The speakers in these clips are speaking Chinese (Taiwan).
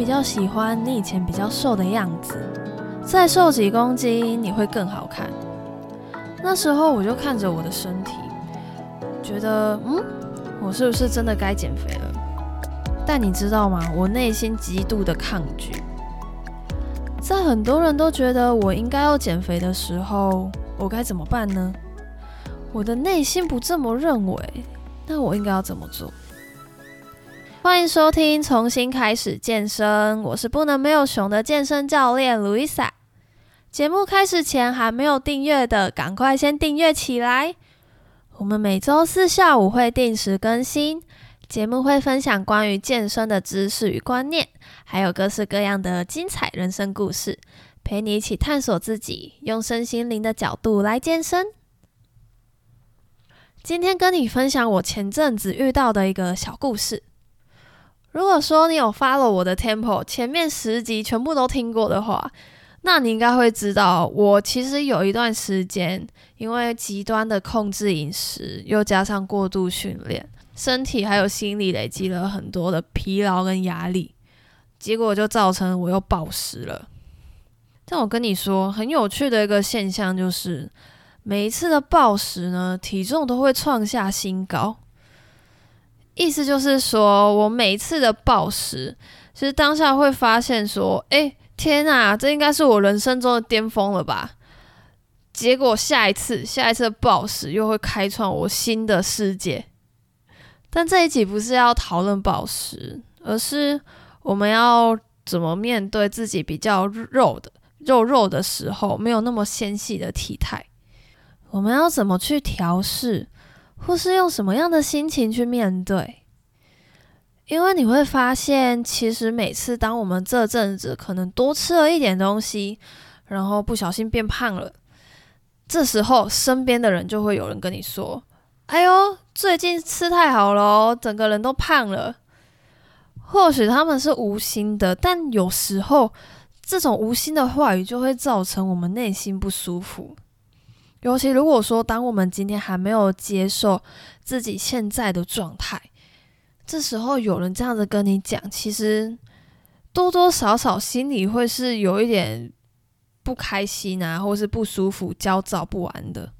比較喜歡你以前比較瘦的樣子，再瘦幾公斤你會更好看。那時候我就看着我的身體，覺得，嗯，我是不是真的該減肥了？但你知道嗎？我內心極度的抗拒。在很多人都覺得我應該要減肥的時候，我該怎麼辦呢？我的內心不這麼認為，那我應該要怎麼做？歡迎收聽《重新開始健身》，我是不能沒有熊的健身教練露易莎。節目開始前，還沒有訂閱的，趕快先訂閱起來。我們每周四下午會定時更新，節目會分享關於健身的知識與觀念，還有各式各樣的精彩人生故事，陪你一起探索自己，用身心靈的角度來健身。今天跟你分享我前陣子遇到的一個小故事。如果說你有 follow 我的 tempo，前面十集全部都聽過的話，那你應該會知道，我其實有一段時間因為極端的控制飲食，又加上過度訓練，身體還有心理累積了很多的疲勞跟壓力，結果就造成我又暴食了。但我跟你說，很有趣的一個現象就是，每一次的暴食呢，體重都會創下新高。意思就是說，我每次的暴食，其實當下會發現說，誒、欸，天吶、啊，這應該是我人生中的巔峰了吧？結果下一次，下一次暴食又會開創我新的世界。但這一集不是要討論暴食，而是我們要怎麼面對自己比較肉的、肉肉的時候，沒有那麼纖細的體態，我們要怎麼去調適？或是用什麼樣的心情去面對？因為你會發現，其實每次當我們這陣子可能多吃了一點東西，然後不小心變胖了，這時候身邊的人就會有人跟你說：“哎呦，最近吃太好了哦，整個人都胖了。”或許他們是無心的，但有時候這種無心的話語就會造成我們內心不舒服。尤其如果說當我們今天還沒有接受自己現在的狀態，這時候有人這樣子跟你講，其實多多少少心裡會是有一點不開心啊，或是不舒服、焦躁不安的。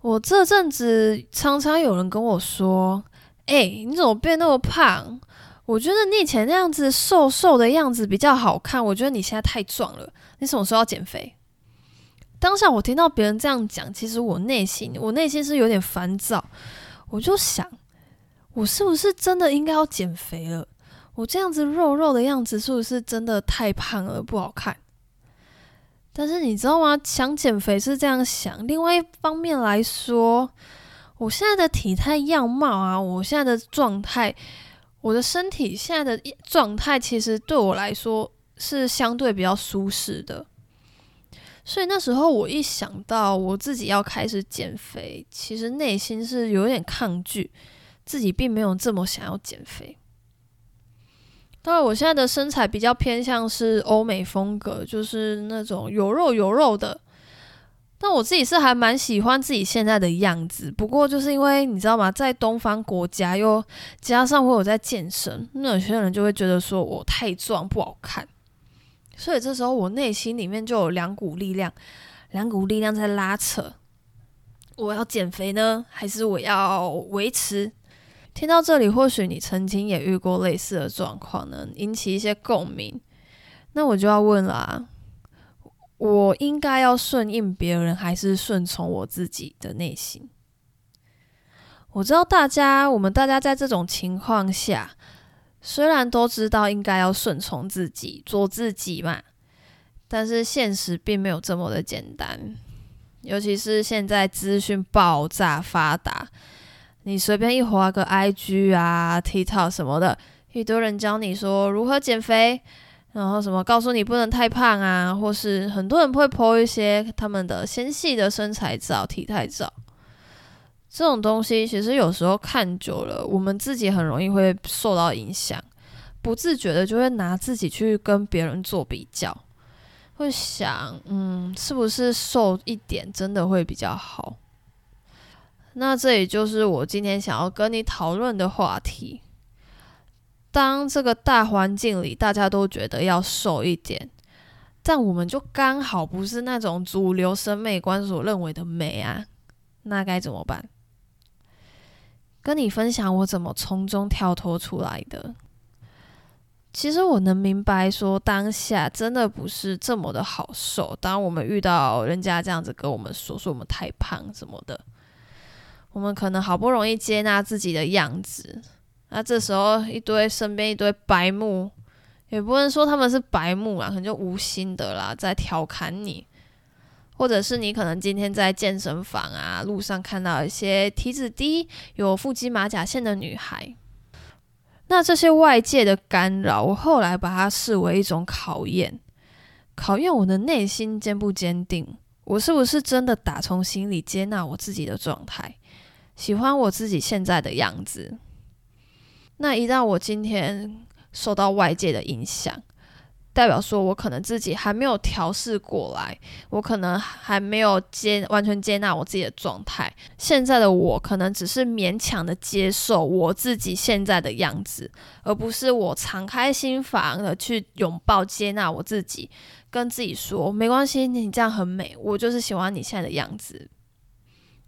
我這陣子常常有人跟我說：“哎、欸，你怎麼變那麼胖？我覺得你以前那樣子瘦瘦的樣子比較好看。我覺得你現在太壯了，你什麼時候要減肥？”當下我聽到別人這樣講，其實我內心我內心是有點煩躁，我就想，我是不是真的應該要減肥了？我這樣子肉肉的樣子是不是真的太胖了，不好看。但是你知道嗎？想減肥是這樣想，另外一方面來說，我現在的體態樣貌啊，我現在的狀態，我的身體現在的狀態，其實對我來說是相對比較舒適的。所以那時候我一想到我自己要開始減肥，其實內心是有點抗拒，自己並沒有這麼想要減肥。當然，我現在的身材比較偏向是歐美風格，就是那種有肉有肉的。但我自己是還蠻喜歡自己現在的樣子。不過就是因為你知道嗎，在東方國家又加上我有在健身，那有些人就會覺得說我太壯不好看。所以這時候，我內心裡面就有兩股力量，兩股力量在拉扯：我要減肥呢？還是我要維持？聽到這裡，或許你曾經也遇過類似的狀況呢，引起一些共鳴。那我就要問了啊，我應該要順應別人，還是順從我自己的內心？我知道大家，我們大家在這種情況下。雖然都知道應該要順從自己、做自己嘛，但是現實並沒有這麼的簡單。尤其是現在資訊爆炸發達，你隨便一滑個 IG 啊、TikTok、ok、什麼的，一堆人教你說如何減肥，然後什麼告訴你不能太胖啊，或是很多人會 po 一些他們的纖細的身材照、體態照。這種東西其實有時候看久了，我們自己很容易會受到影響，不自覺的就會拿自己去跟別人做比較，會想，嗯，是不是瘦一點真的會比較好？那這也就是我今天想要跟你討論的話題。當這個大環境裡大家都覺得要瘦一點，但我們就剛好不是那種主流審美觀所認為的美啊，那該怎麼辦？跟你分享我怎麼從中跳脫出來的。其實我能明白說，說當下真的不是這麼的好受。當我們遇到人家這樣子跟我們說，說我們太胖什麼的，我們可能好不容易接納自己的樣子，那這時候一堆身邊一堆白目，也不能說他們是白目啦，可能就無心的啦，在調侃你。或者是你可能今天在健身房啊，路上看到一些體脂低、有腹肌馬甲線的女孩，那這些外界的干擾，我後來把它視為一種考驗，考驗我的內心堅不堅定，我是不是真的打從心裡接納我自己的狀態，喜歡我自己現在的樣子。那一旦我今天受到外界的影響，代表說，我可能自己還沒有調試過來，我可能還沒有接完全接納我自己的狀態。現在的我可能只是勉強的接受我自己現在的樣子，而不是我敞開心房的去擁抱接納我自己，跟自己說沒關係，你這樣很美，我就是喜歡你現在的樣子。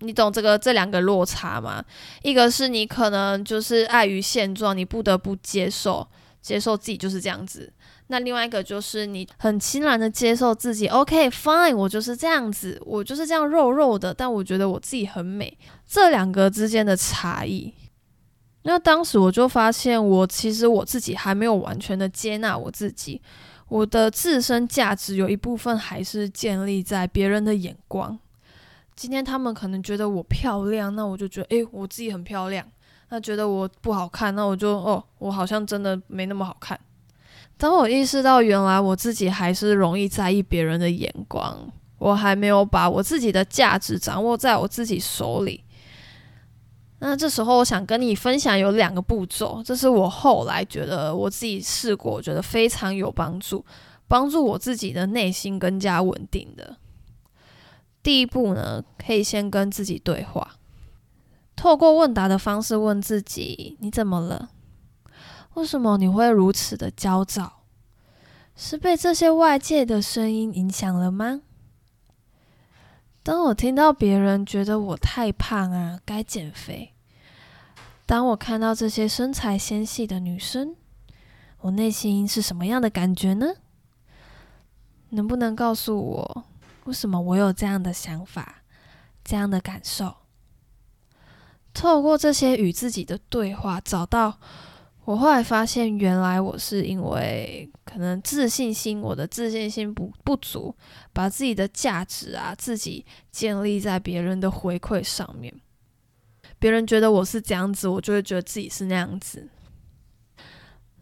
你懂這個，這兩個落差嗎？一個是你可能就是礙於現狀，你不得不接受接受自己就是這樣子。那另外一個就是你很欣然的接受自己，OK fine，我就是這樣子，我就是這樣肉肉的，但我覺得我自己很美。這兩個之間的差異，那當時我就發現我，我其實我自己還沒有完全的接納我自己，我的自身價值有一部分還是建立在別人的眼光。今天他們可能覺得我漂亮，那我就覺得哎，我自己很漂亮；那覺得我不好看，那我就哦，我好像真的沒那麼好看。當我意識到原來我自己還是容易在意別人的眼光，我還沒有把我自己的價值掌握在我自己手裡。那這時候，我想跟你分享有兩個步驟，這是我後來覺得我自己試過，我覺得非常有幫助，幫助我自己的內心更加穩定的。第一步呢，可以先跟自己對話，透過問答的方式問自己：“你怎麼了？”為什麼你會如此的焦躁？是被這些外界的聲音影響了嗎？當我聽到別人覺得我太胖啊，該減肥；當我看到這些身材纖細的女生，我內心是什麼樣的感覺呢？能不能告訴我，為什麼我有這樣的想法、這樣的感受？透過這些與自己的對話，找到。我後來發現，原來我是因為可能自信心，我的自信心不不足，把自己的價值啊，自己建立在別人的回饋上面。別人覺得我是這樣子，我就會覺得自己是那樣子。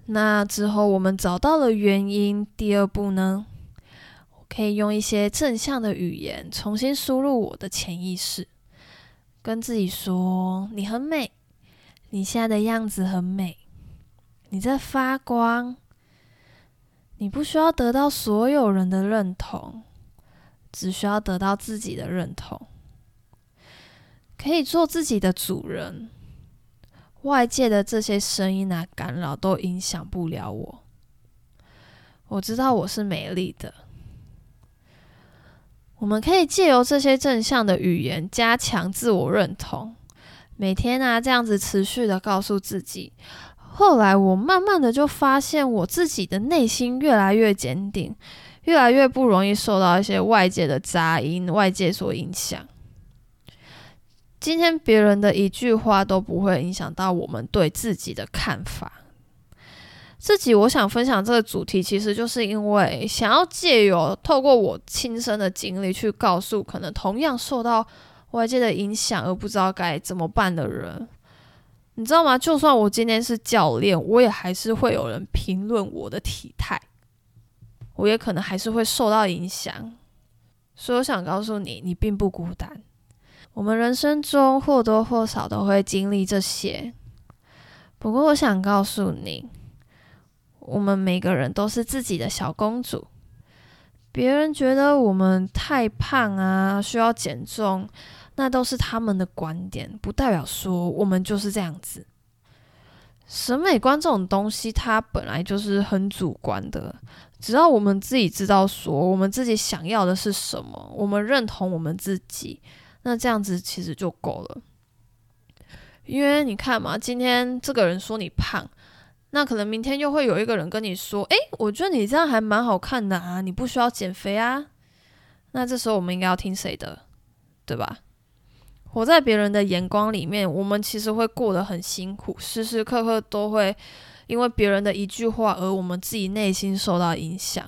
那之後我們找到了原因，第二步呢，可以用一些正向的語言重新輸入我的潛意識，跟自己說：“你很美，你現在的樣子很美。”你在發光，你不需要得到所有人的認同，只需要得到自己的認同，可以做自己的主人。外界的這些聲音啊、干擾都影響不了我。我知道我是美麗的。我們可以借由這些正向的語言，加強自我認同。每天呢、啊，這樣子持續的告訴自己。後來我慢慢的就發現，我自己的內心越來越堅定，越來越不容易受到一些外界的雜音、外界所影響。今天別人的一句話都不會影響到我們對自己的看法。這集我想分享這個主題，其實就是因為想要借由透過我親身的經歷，去告訴可能同樣受到外界的影響而不知道該怎麼辦的人。你知道嗎？就算我今天是教練，我也還是會有人評論我的體態。我也可能還是會受到影響。所以我想告訴你，你並不孤單。我們人生中或多或少都會經歷這些。不過我想告訴你，我們每個人都是自己的小公主。別人覺得我們太胖啊，需要減重。那都是他們的觀點，不代表說我們就是這樣子。審美觀這種東西，它本來就是很主觀的。只要我們自己知道說，我們自己想要的是什麼，我們認同我們自己，那這樣子其實就夠了。因為你看嘛，今天這個人說你胖，那可能明天又會有一個人跟你說：“誒，我覺得你這樣還蠻好看的啊，你不需要減肥啊。”那這時候我們應該要聽誰的，對吧？活在別人的眼光裡面，我們其實會過得很辛苦，時時刻刻都會因為別人的一句話而我們自己內心受到影響。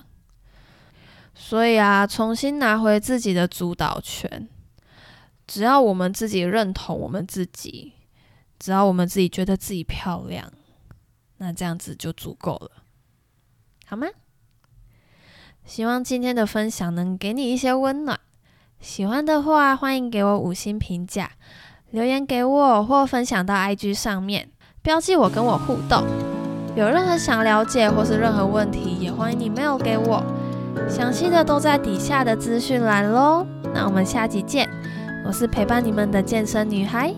所以啊，重新拿回自己的主導權，只要我們自己認同我們自己，只要我們自己覺得自己漂亮，那這樣子就足夠了。好嗎？希望今天的分享能給你一些溫暖。喜歡的話，歡迎給我五星評價，留言給我，或分享到 IG 上面，標記我，跟我互動。有任何想了解或是任何問題，也歡迎你 mail 給我，詳細的都在底下的資訊欄嘍。那我們下集見，我是陪伴你們的健身女孩。